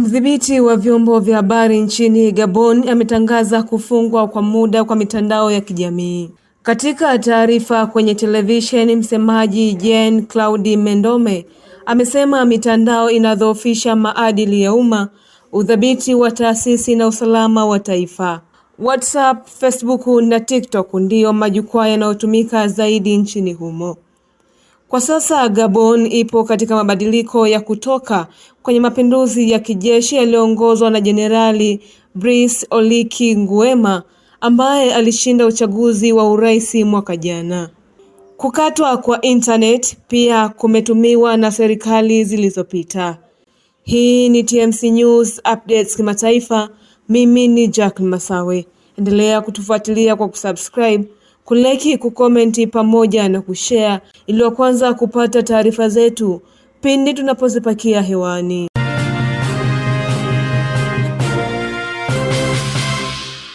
Mdhibiti wa vyombo vya habari nchini Gabon ametangaza kufungwa kwa muda kwa mitandao ya kijamii. Katika taarifa kwenye televisheni, msemaji Jean Claude Mendome amesema mitandao inadhoofisha maadili ya umma, udhabiti wa taasisi na usalama wa taifa. WhatsApp, Facebook na TikTok ndiyo majukwaa yanayotumika zaidi nchini humo. Kwa sasa Gabon ipo katika mabadiliko ya kutoka kwenye mapinduzi ya kijeshi yaliyoongozwa na Jenerali Brice Oligui Nguema ambaye alishinda uchaguzi wa urais mwaka jana. Kukatwa kwa internet pia kumetumiwa na serikali zilizopita. Hii ni TMC News Updates kimataifa. Mimi ni Jack Masawe. Endelea kutufuatilia kwa kusubscribe kuleki, kukomenti pamoja na kushare ili wa kwanza kupata taarifa zetu pindi tunapozipakia hewani.